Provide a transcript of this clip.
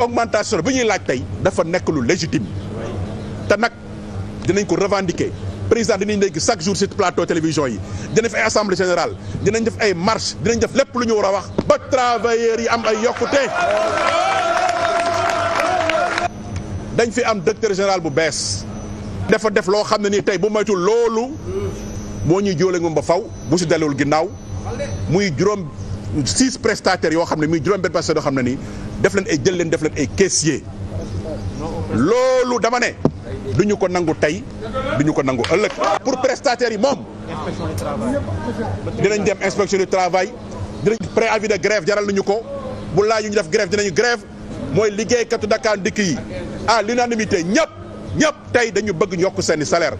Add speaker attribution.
Speaker 1: augmentation bi ñuy laaj tey dafa nekk lu légitime te nag dinañ ko revendiquer président dinañ dégg chaque jour ci plateau télévision yi dinañ fi ay assemblée générale dinañ def ay marche dinañ def lépp lu ñu war a wax ba travailleurs yi am ay yokkute dañ fi am directeur général bu bees dafa def loo xam ne nii tey bu moytul loolu moo ñuy jóole ngum ba faw bu si delluwul ginnaaw muy juróom six prestataires yoo xam ne muy juróom benn prestataires yoo xam ne nii def leen ay jël leen def leen ay caissier loolu dama ne du ñu ko nangu tey du ñu ko nangu ëllëg pour prestataires yi moom
Speaker 2: dinañ dem inspection du
Speaker 1: travail dinañ préavis de grève jaral nañu ko bu laaj yu ñu def grève dinañu grève mooy liggéeykatu Dakar dikk yi à l'unanimité ñëpp ñëpp tey dañu bëgg yokk seeni salaire